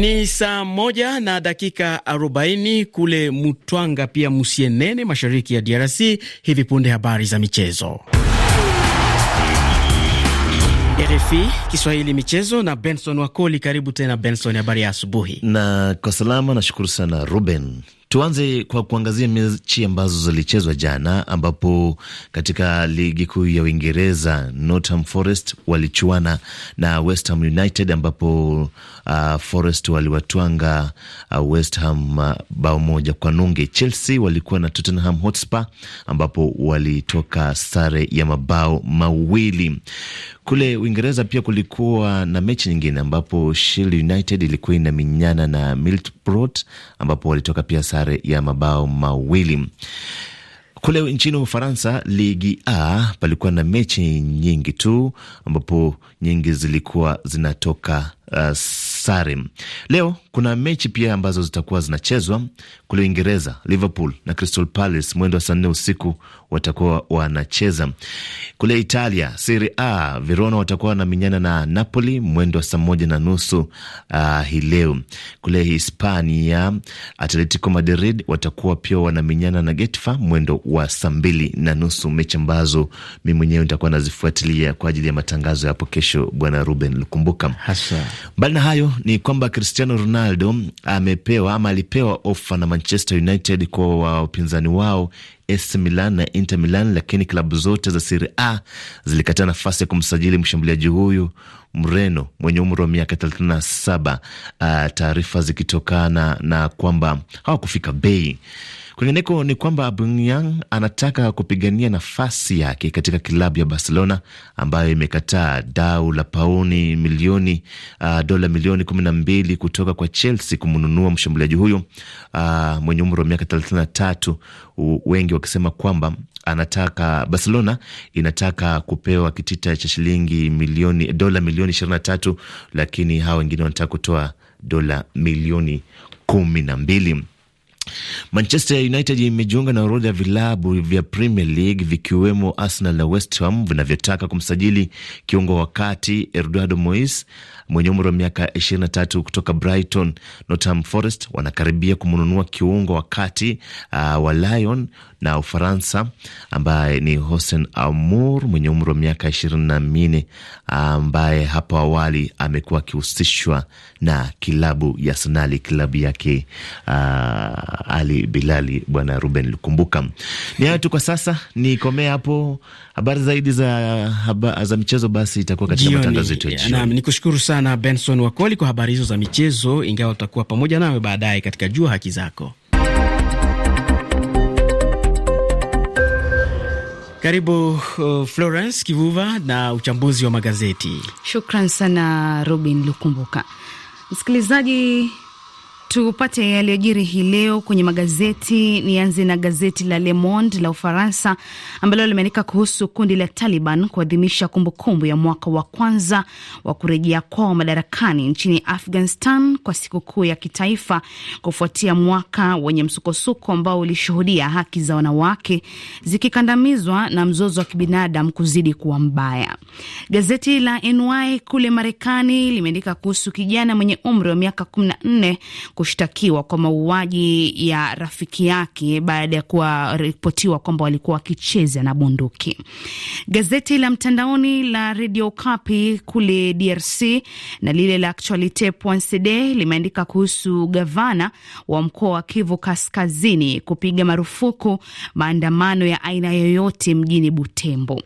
Ni saa moja na dakika arobaini kule Mutwanga pia Musienene, mashariki ya DRC. Hivi punde habari za michezo RFI Kiswahili michezo na Benson Wakoli. Karibu tena Benson, habari ya asubuhi. Na kwa salama, nashukuru sana Ruben. Tuanze kwa kuangazia mechi ambazo zilichezwa jana, ambapo katika ligi kuu ya Uingereza Nottingham Forest walichuana na West Ham United, ambapo Uh, Forest waliwatwanga uh, West Ham uh, bao moja kwa nunge. Chelsea walikuwa na Tottenham Hotspur ambapo walitoka sare ya mabao mawili. Kule Uingereza pia kulikuwa na mechi nyingine ambapo Sheffield United ilikuwa ina minyana na Middlesbrough ambapo walitoka pia sare ya mabao mawili. Kule nchini Ufaransa, ligi A, palikuwa na mechi nyingi tu ambapo nyingi zilikuwa zinatoka uh, sare. Leo kuna mechi pia ambazo zitakuwa zinachezwa kule Uingereza. Liverpool na Crystal Palace mwendo wa saa nne usiku watakuwa wanacheza. Kule Italia, Serie A, Verona watakuwa wanaminyana na Napoli mwendo wa saa moja na nusu uh, hii leo. Kule Hispania, Atletico Madrid watakuwa pia wanaminyana na Getafe mwendo wa saa mbili na nusu, mechi ambazo mi mwenyewe nitakuwa nazifuatilia kwa ajili ya matangazo ya hapo kesho, Bwana Ruben Lukumbuka. Mbali na hayo ni kwamba Cristiano Ronaldo amepewa ama alipewa ofa na Manchester United kwa wapinzani wao AC Milan na Inter Milan, lakini klabu zote za Serie A zilikataa nafasi ya kumsajili mshambuliaji huyu Mreno mwenye umri wa miaka 37, ah, taarifa zikitokana na kwamba hawakufika bei. Kwingineko ni kwamba Aubameyang anataka kupigania nafasi yake katika klabu ya Barcelona ambayo imekataa dau la pauni milioni uh, dola milioni kumi na mbili kutoka kwa Chelsea kumnunua mshambuliaji huyo uh, mwenye umri wa miaka thelathini na tatu, wengi wakisema kwamba anataka Barcelona inataka kupewa kitita cha shilingi milioni dola milioni ishirini na tatu, lakini hawa wengine wanataka kutoa dola milioni kumi na mbili. Manchester United imejiunga na orodha ya vilabu vya Premier League vikiwemo Arsenal na West Ham vinavyotaka kumsajili kiungo wa kati Eduardo mwenye umri wa miaka 23 kutoka Brighton, Nottingham Forest wanakaribia kumnunua kiungo wa kati uh, wa Lyon na Ufaransa ambaye ni Hossein Amour mwenye umri wa miaka 24 ambaye hapo awali amekuwa akihusishwa na kilabu ya Arsenal, klabu yake uh, Ali Bilali. Bwana Ruben Lukumbuka, ni hayo tu kwa sasa, nikomea hapo. Habari zaidi za, haba, za michezo basi itakuwa katika matangazo yetu ya jioni. nikushukuru sana sana Benson Wakoli kwa habari hizo za michezo, ingawa tutakuwa pamoja nawe baadaye katika Jua Haki Zako. Karibu uh, Florence Kivuva na uchambuzi wa magazeti. Shukran sana Robin Lukumbuka. Msikilizaji Tupate yaliyojiri hii leo kwenye magazeti. Nianze na gazeti la Le Monde la Ufaransa ambalo limeandika kuhusu kundi la Taliban kuadhimisha kumbukumbu ya mwaka wa kwanza wa kurejea kwao madarakani nchini Afghanistan kwa sikukuu ya kitaifa kufuatia mwaka wenye msukosuko ambao ulishuhudia haki za wanawake zikikandamizwa na mzozo wa kibinadamu kuzidi kuwa mbaya. Gazeti la NY kule Marekani limeandika kuhusu kijana mwenye umri wa miaka 14 kushtakiwa kwa mauaji ya rafiki yake baada ya kuwaripotiwa kwamba walikuwa wakicheza na bunduki. Gazeti la mtandaoni la Radio Kapi kule DRC na lile la Actualite limeandika kuhusu gavana wa mkoa wa Kivu Kaskazini kupiga marufuku maandamano ya aina yoyote mjini Butembo.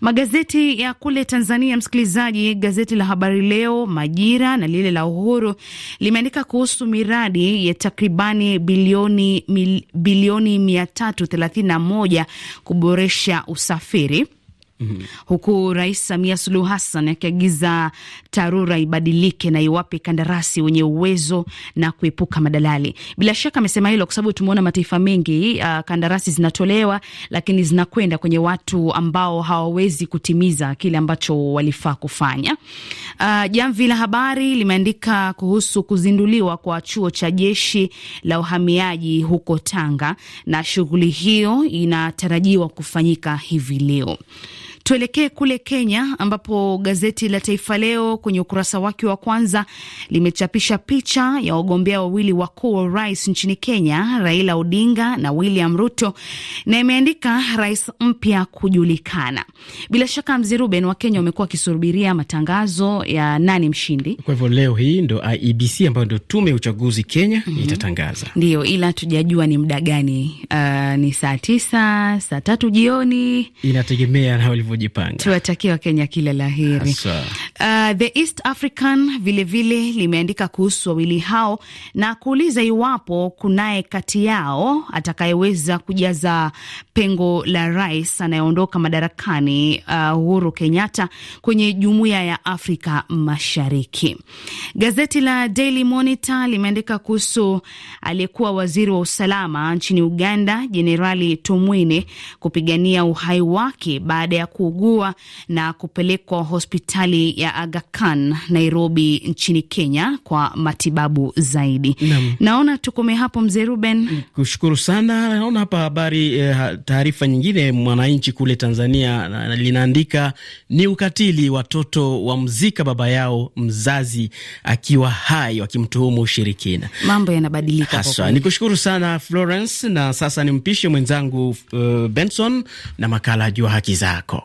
Magazeti ya kule Tanzania, msikilizaji, gazeti la Habari Leo, Majira na lile la Uhuru limeandika kuhusu miradi ya takribani bilioni mil, bilioni 331 kuboresha usafiri -hmm. huku Rais Samia Suluhu Hassan akiagiza TARURA ibadilike na iwape kandarasi wenye uwezo na kuepuka madalali. Bila shaka amesema hilo kwa sababu tumeona mataifa mengi uh, kandarasi zinatolewa lakini zinakwenda kwenye watu ambao hawawezi kutimiza kile ambacho walifaa kufanya. Uh, Jamvi la Habari limeandika kuhusu kuzinduliwa kwa chuo cha jeshi la uhamiaji huko Tanga na shughuli hiyo inatarajiwa kufanyika hivi leo. Tuelekee kule Kenya ambapo gazeti la Taifa Leo kwenye ukurasa wake wa kwanza limechapisha picha ya wagombea wawili wakuu wa urais nchini Kenya, Raila Odinga na William Ruto, na imeandika rais mpya kujulikana. Bila shaka, Mzee Ruben, Wakenya wamekuwa wakisubiria matangazo ya nani mshindi. Kwa hivyo leo hii ndo IEBC ambayo ndo tume ya uchaguzi Kenya mm -hmm. itatangaza ndio, ila tujajua ni muda gani. Uh, ni saa tisa, saa tatu jioni, inategemea na walivyo wanavyojipanga. Tuwatakie Wakenya kila la heri. Uh, The East African vilevile limeandika kuhusu wawili hao na kuuliza iwapo kunaye kati yao atakayeweza kujaza pengo la rais anayeondoka madarakani uh, Uhuru Kenyatta kwenye jumuiya ya Afrika Mashariki. Gazeti la Daily Monitor limeandika kuhusu aliyekuwa waziri wa usalama nchini Uganda Jenerali Tumwine kupigania uhai wake baada ya ku kuugua na kupelekwa hospitali ya Aga Khan Nairobi nchini Kenya kwa matibabu zaidi. Naam. Naona tukome hapo mzee Ruben. Kushukuru sana. Naona hapa habari eh, taarifa nyingine Mwananchi kule Tanzania linaandika ni ukatili watoto wamzika baba yao mzazi akiwa hai wakimtuhumu ushirikina. Mambo yanabadilika haswa. Nikushukuru sana Florence na sasa nimpishe mwenzangu uh, Benson na makala Jua Haki Zako.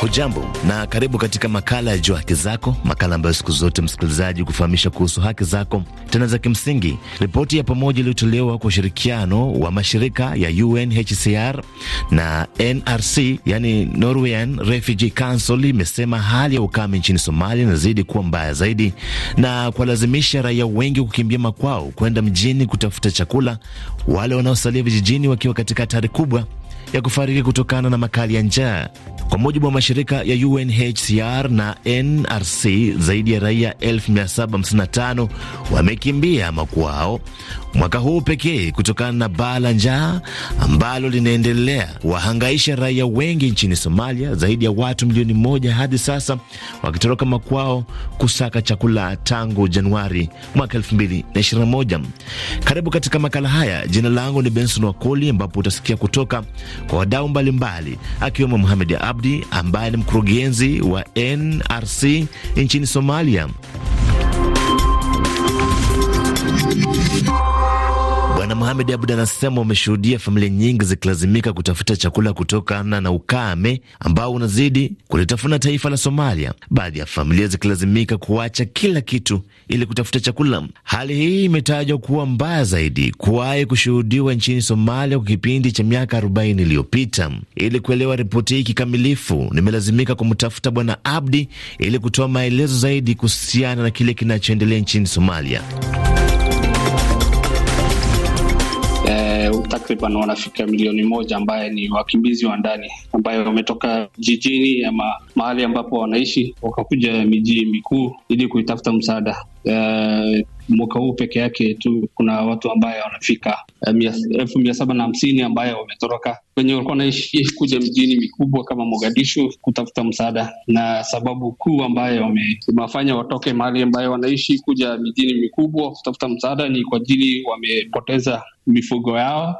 Hujambo na karibu katika makala ya Jua Haki Zako, makala ambayo siku zote msikilizaji kufahamisha kuhusu haki zako tena za kimsingi. Ripoti ya pamoja iliyotolewa kwa ushirikiano wa mashirika ya UNHCR na NRC, yani Norwegian Refugee Council, imesema hali ya ukame nchini Somalia inazidi kuwa mbaya zaidi na kuwalazimisha raia wengi kukimbia makwao kwenda mjini kutafuta chakula, wale wanaosalia vijijini wakiwa katika hatari kubwa ya kufariki kutokana na makali ya njaa. Kwa mujibu wa mashirika ya UNHCR na NRC, zaidi ya raia 1755 wamekimbia makwao mwaka huu pekee kutokana na baa la njaa ambalo linaendelea kuwahangaisha raia wengi nchini Somalia, zaidi ya watu milioni moja hadi sasa wakitoroka makwao kusaka chakula tangu Januari mwaka 2021. Karibu katika makala haya. Jina langu ni Benson Wakoli, ambapo utasikia kutoka kwa wadau mbalimbali akiwemo Muhamed Abdi ambaye ni mkurugenzi wa NRC nchini Somalia. Bwana Mohamed Abud anasema wameshuhudia familia nyingi zikilazimika kutafuta chakula kutokana na ukame ambao unazidi kulitafuna taifa la Somalia, baadhi ya familia zikilazimika kuacha kila kitu ili kutafuta chakula. Hali hii imetajwa kuwa mbaya zaidi kuwahi kushuhudiwa nchini Somalia kwa kipindi cha miaka 40 iliyopita. Ili kuelewa ripoti hii kikamilifu, nimelazimika kumtafuta Bwana Abdi ili kutoa maelezo zaidi kuhusiana na kile kinachoendelea nchini Somalia. takriban wanafika milioni moja ambaye ni wakimbizi wa ndani ambayo wametoka jijini ama mahali ambapo wanaishi wakakuja miji mikuu ili kuitafuta msaada. Uh, mwaka huu peke yake tu kuna watu ambaye wanafika eh, elfu mia saba na hamsini ambaye wametoroka wenye walikuwa wanaishi kuja mjini mikubwa kama Mogadishu kutafuta msaada, na sababu kuu ambayo wamewafanya watoke mahali ambayo wanaishi kuja mijini mikubwa kutafuta msaada ni kwa ajili wamepoteza mifugo yao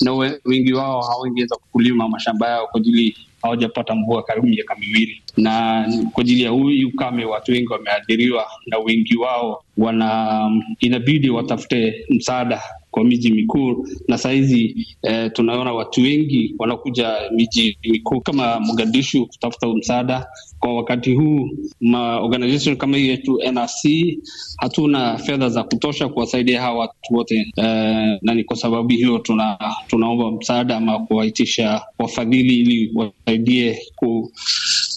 na wengi wao hawangiweza kulima mashamba yao kwa ajili hawajapata mvua karibu miaka miwili, na kwa ajili ya huyu ukame watu wengi wameathiriwa, na wengi wao wana inabidi watafute msaada kwa miji mikuu, na sahizi eh, tunaona watu wengi wanakuja miji mikuu kama Mogadishu kutafuta msaada. Kwa wakati huu ma organization kama hii yetu NRC hatuna fedha za kutosha kuwasaidia hawa watu wote eh, na ni kwa sababu hiyo tuna, tunaomba msaada ama kuwaitisha wafadhili ili wasaidie ku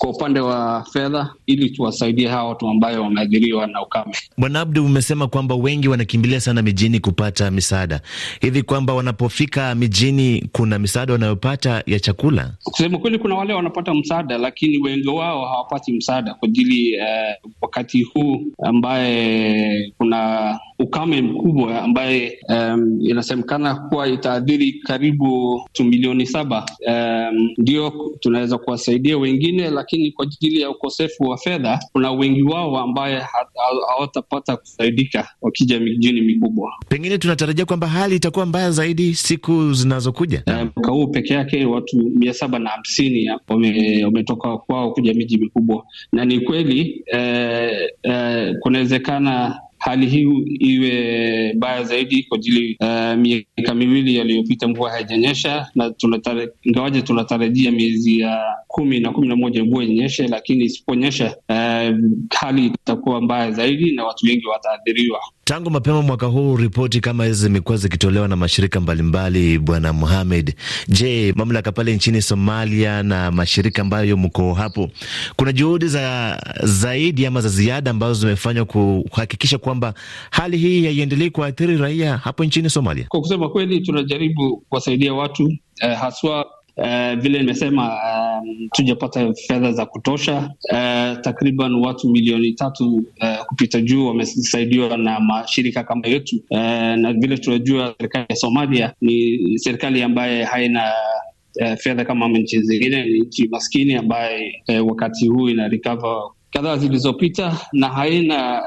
kwa upande wa fedha ili tuwasaidie hawa watu ambayo wameathiriwa na ukame. Bwana Abdu, umesema kwamba wengi wanakimbilia sana mijini kupata misaada, hivi kwamba wanapofika mijini kuna misaada wanayopata ya chakula? Kusema kweli, kuna wale wanapata msaada, lakini wengi wao hawapati msaada kwa ajili uh, wakati huu ambaye kuna ukame mkubwa ambaye um, inasemekana kuwa itaadhiri karibu tu milioni saba. Ndio um, tunaweza kuwasaidia wengine, lakini kwa ajili ya ukosefu wa fedha, kuna wengi wao ambaye hawatapata kusaidika wakija mijini mikubwa. Pengine tunatarajia kwamba hali itakuwa mbaya zaidi siku zinazokuja. Mwaka um, huu peke yake watu mia saba na hamsini wametoka kwao kuja miji mikubwa, na ni kweli eh, eh, kunawezekana hali hii iwe mbaya zaidi kwa ajili uh, miaka miwili yaliyopita mvua haijanyesha, na tunatare, ingawaje tunatarajia miezi ya kumi na kumi na moja mvua inyeshe, lakini isiponyesha uh, hali itakuwa mbaya zaidi na watu wengi wataathiriwa. Tangu mapema mwaka huu ripoti kama hizi zimekuwa zikitolewa na mashirika mbalimbali. Bwana Muhamed, je, mamlaka pale nchini Somalia na mashirika ambayo mko hapo, kuna juhudi za zaidi ama za ziada ambazo zimefanywa kuhakikisha kwamba hali hii haiendelei kuathiri raia hapo nchini Somalia? Kwa kusema kweli, tunajaribu kuwasaidia watu eh, haswa Eh, vile nimesema um, tujapata fedha za kutosha. Uh, takriban watu milioni tatu uh, kupita juu wamesaidiwa na mashirika kama yetu. Uh, na vile tunajua serikali ya Somalia ni serikali ambaye haina uh, fedha kama nchi zingine. Ni nchi maskini ambaye uh, wakati huu ina recover kadhaa zilizopita na haina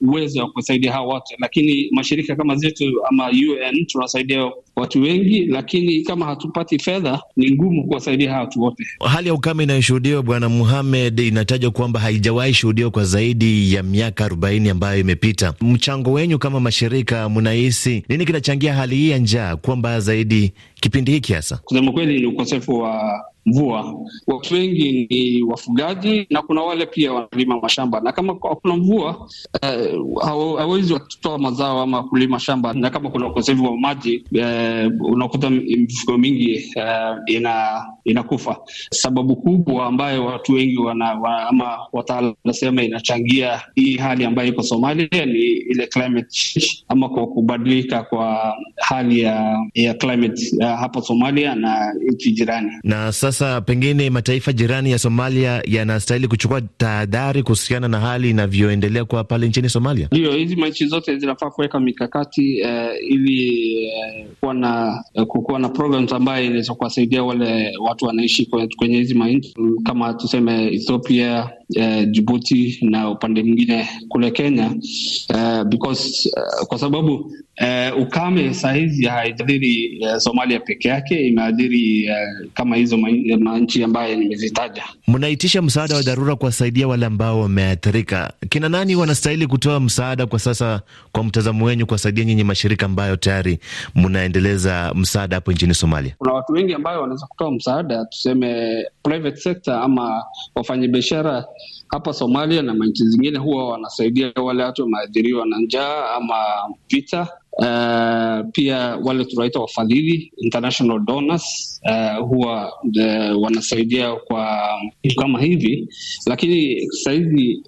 uwezo uh, wa kusaidia hawa watu, lakini mashirika kama zetu ama UN tunasaidia watu wengi, lakini kama hatupati fedha ni ngumu kuwasaidia hawa watu wote. Hali ya ukame inayoshuhudiwa Bwana Muhamed inatajwa kwamba haijawahi shuhudiwa kwa zaidi ya miaka arobaini ambayo imepita. Mchango wenyu kama mashirika, mnahisi nini kinachangia hali hii ya njaa kwamba zaidi kipindi hiki hasa? Kusema kweli, ni ukosefu wa mvua. Watu wengi ni wafugaji na kuna wale pia wanalima mashamba, na kama hakuna mvua uh, eh, hawawezi watoa mazao ama kulima shamba, na kama kuna ukosefu wa maji uh, unakuta mifugo mingi uh, ina inakufa. Sababu kubwa ambayo watu wengi wana, wa, ama wataalam wanasema inachangia hii hali ambayo iko Somalia ni ile climate change, ama kwa kubadilika kwa hali ya, ya climate ya hapa Somalia na nchi jirani. Na sasa pengine mataifa jirani ya Somalia yanastahili kuchukua tahadhari kuhusiana na hali inavyoendelea kwa pale nchini Somalia. Ndio, hizi nchi zote zinafaa kuweka mikakati uh, ili uh, kuwa na uh, kukuwa na programs ambayo inaweza kuwasaidia wale wa watu wanaishi kwenye hizi manchi kama tuseme Ethiopia, eh, Jibuti na upande mwingine kule Kenya eh, because, eh, kwa sababu eh, ukame sahizi haiadhiri eh, Somalia peke yake, imeadhiri eh, kama hizo manchi ambayo nimezitaja. Mnaitisha msaada wa dharura kuwasaidia wale ambao wameathirika. Kina nani wanastahili kutoa msaada kwa sasa, kwa mtazamo wenyu, kuwasaidia nyinyi mashirika ambayo tayari mnaendeleza msaada hapo nchini Somalia? Kuna watu wengi ambayo wanaweza kutoa msaada, tuseme private sector ama wafanyabiashara hapa Somalia na manchi zingine huwa wanasaidia wale watu wameathiriwa na njaa ama vita Uh, pia wale tunaita wafadhili international donors uh, huwa uh, wanasaidia kwa vitu kama hivi, lakini sahizi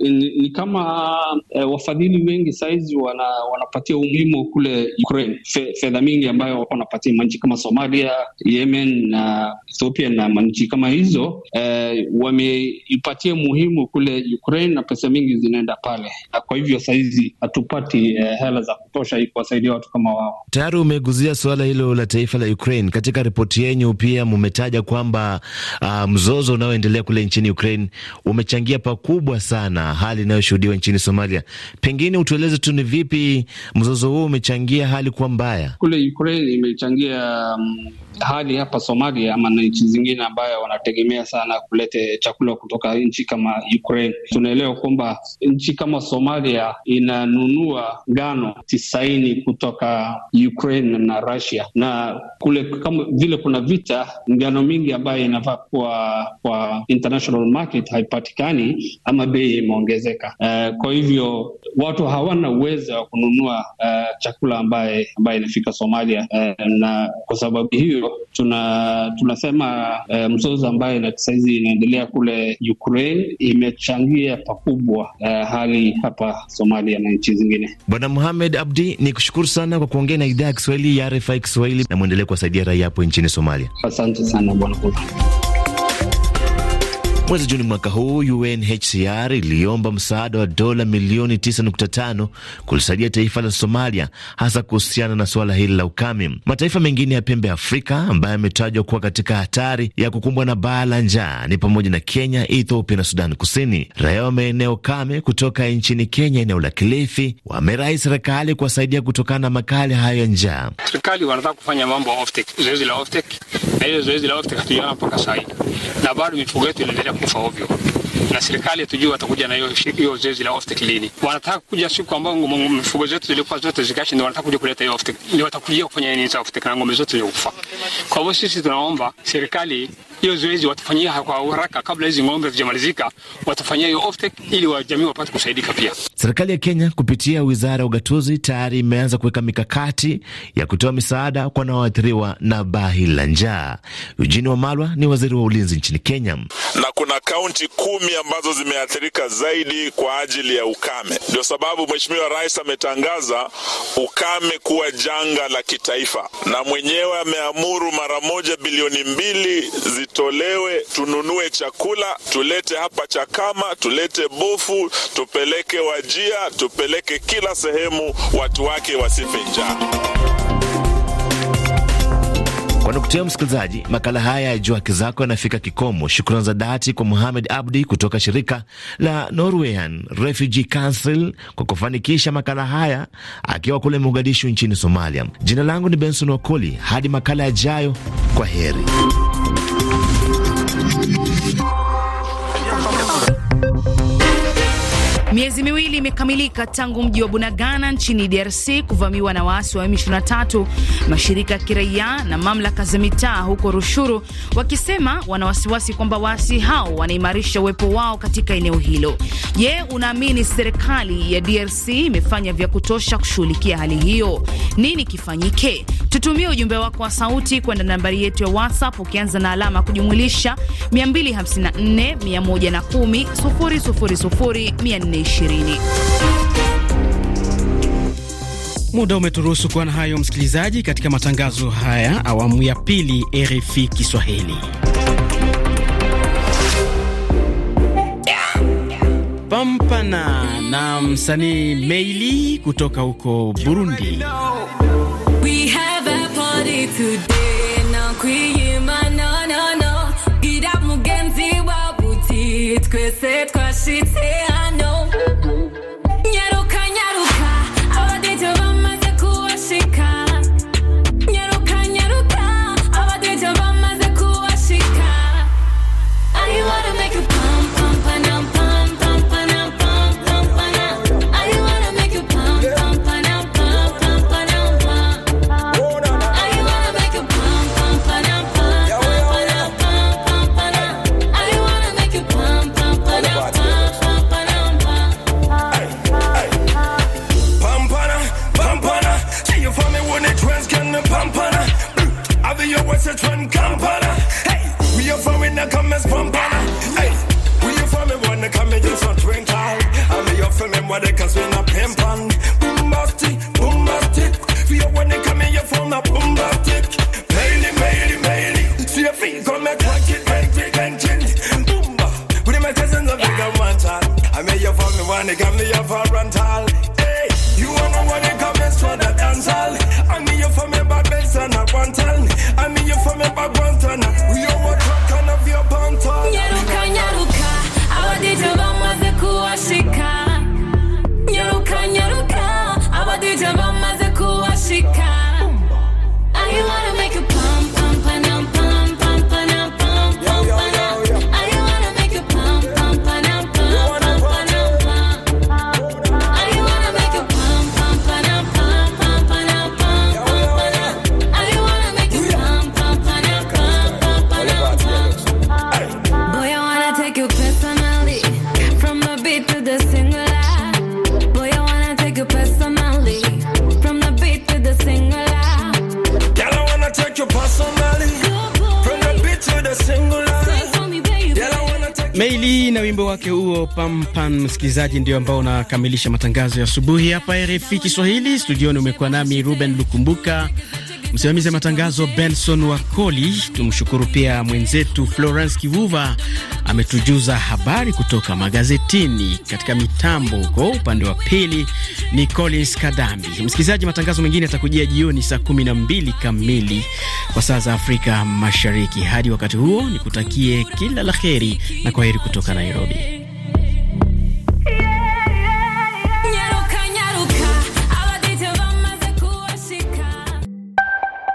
ni kama uh, wafadhili wengi sahizi wana, wanapatia umuhimu kule Ukraine Fe, fedha mingi ambayo wako wanapatia manchi kama Somalia, Yemen na Ethiopia na manchi kama hizo uh, wameipatia muhimu kule Ukraine na pesa mingi zinaenda pale, na kwa hivyo sahizi hatupati uh, hela za kutosha kuwasaidia kuwasaidia watu kama wao. Tayari umeguzia suala hilo la taifa la Ukraine. Katika ripoti yenyu pia mmetaja kwamba uh, mzozo unaoendelea kule nchini Ukraine umechangia pakubwa sana hali inayoshuhudiwa nchini Somalia. Pengine utueleze tu ni vipi mzozo huo umechangia hali kuwa mbaya kule Ukraine. Imechangia um, hali hapa Somalia ama na nchi zingine ambayo wanategemea sana kulete chakula kutoka nchi kama Ukraine. Tunaelewa kwamba nchi kama Somalia inanunua ngano tisini laini kutoka Ukraine na Russia, na kule kama vile kuna vita, ngano mingi ambayo inafaa kuwa kwa international market haipatikani ama bei imeongezeka. Uh, kwa hivyo watu hawana uwezo wa kununua uh, chakula ambaye ambaye inafika Somalia uh, na kwa sababu hiyo tuna tunasema uh, mzozo ambaye sahizi inaendelea kule Ukraine imechangia pakubwa uh, hali hapa Somalia na nchi zingine. Bwana Muhamed Abdi ni kushukuru sana kwa kuongea na idhaa ya Kiswahili ya RFI Kiswahili, na mwendelee kuwasaidia raia hapo nchini Somalia. Asante sana bwana. Mwezi Juni mwaka huu UNHCR iliomba msaada wa dola milioni 9.5 kulisaidia taifa la Somalia, hasa kuhusiana na suala hili la ukame. Mataifa mengine ya pembe ya Afrika ambayo yametajwa kuwa katika hatari ya kukumbwa na baa la njaa ni pamoja na Kenya, Ethiopia na sudani Kusini. Raia wa maeneo kame kutoka nchini Kenya, eneo la Kilifi, wamerahi serikali kuwasaidia kutokana na makali hayo ya njaa. Serikali wanataka kufanya mambo zoezi la na hiyo zoezi la hatujaona mpaka saa hii na bado mifugo yetu inaendelea kufa ovyo, na serikali tujue watakuja na hiyo zoezi la oftek lini. Wanataka kuja siku ambayo mifugo zetu zilikuwa zote zikashi, ndio wanataka kuja kuleta hiyo oftek, ndio watakuja kufanya nini za oftek na ng'ombe zote zilikufa. Kwa hivyo sisi tunaomba serikali hiyo zoezi watafanyia kwa haraka kabla hizi ng'ombe zijamalizika, watafanyia hiyo offtake ili wajamii wapate kusaidika pia. Serikali ya Kenya kupitia wizara ya ugatuzi tayari imeanza kuweka mikakati ya kutoa misaada kwa wanaoathiriwa na bahi la njaa. Eugene Wamalwa ni waziri wa ulinzi nchini Kenya. Na kuna kaunti kumi ambazo zimeathirika zaidi kwa ajili ya ukame, ndio sababu Mheshimiwa Rais ametangaza ukame kuwa janga la kitaifa na mwenyewe ameamuru mara moja bilioni mbili itolewe, tununue chakula tulete hapa Chakama, tulete Bofu, tupeleke Wajia, tupeleke kila sehemu, watu wake wasife njaa. Kwa nukta hiyo, msikilizaji, makala haya ya Jua Haki Zako yanafika kikomo. Shukrani za dhati kwa Muhamed Abdi kutoka shirika la Norwegian Refugee Council kwa kufanikisha makala haya akiwa kule Mogadishu nchini Somalia. Jina langu ni Benson Wakoli, hadi makala yajayo, kwa heri. Miezi miwili imekamilika tangu mji wa Bunagana nchini DRC kuvamiwa na waasi wa M23, mashirika ya kiraia na mamlaka za mitaa huko Rushuru wakisema wana wasiwasi kwamba waasi hao wanaimarisha uwepo wao katika eneo hilo. Je, unaamini serikali ya DRC imefanya vya kutosha kushughulikia hali hiyo? Nini kifanyike? Tutumie ujumbe wako wa sauti kwenda nambari yetu ya WhatsApp ukianza na alama kujumulisha 254 110 000 400 Muda umeturuhusu kuwa na hayo, msikilizaji, katika matangazo haya awamu ya pili RFI Kiswahili. Pampana na msanii Meili kutoka huko Burundi. We have a party today, no, no, mugenzi wabuti, know. muere canción Pampan msikilizaji, ndio ambao unakamilisha matangazo ya asubuhi hapa RFI Kiswahili. Studioni umekuwa nami Ruben Lukumbuka, msimamizi wa matangazo Benson Wakoli. Tumshukuru pia mwenzetu Florence Kivuva ametujuza habari kutoka magazetini. Katika mitambo huko upande wa pili ni Collins Kadambi. Msikilizaji, matangazo mengine yatakujia jioni saa kumi na mbili kamili kwa saa za Afrika Mashariki. Hadi wakati huo, nikutakie kila la heri na kwa heri kutoka Nairobi.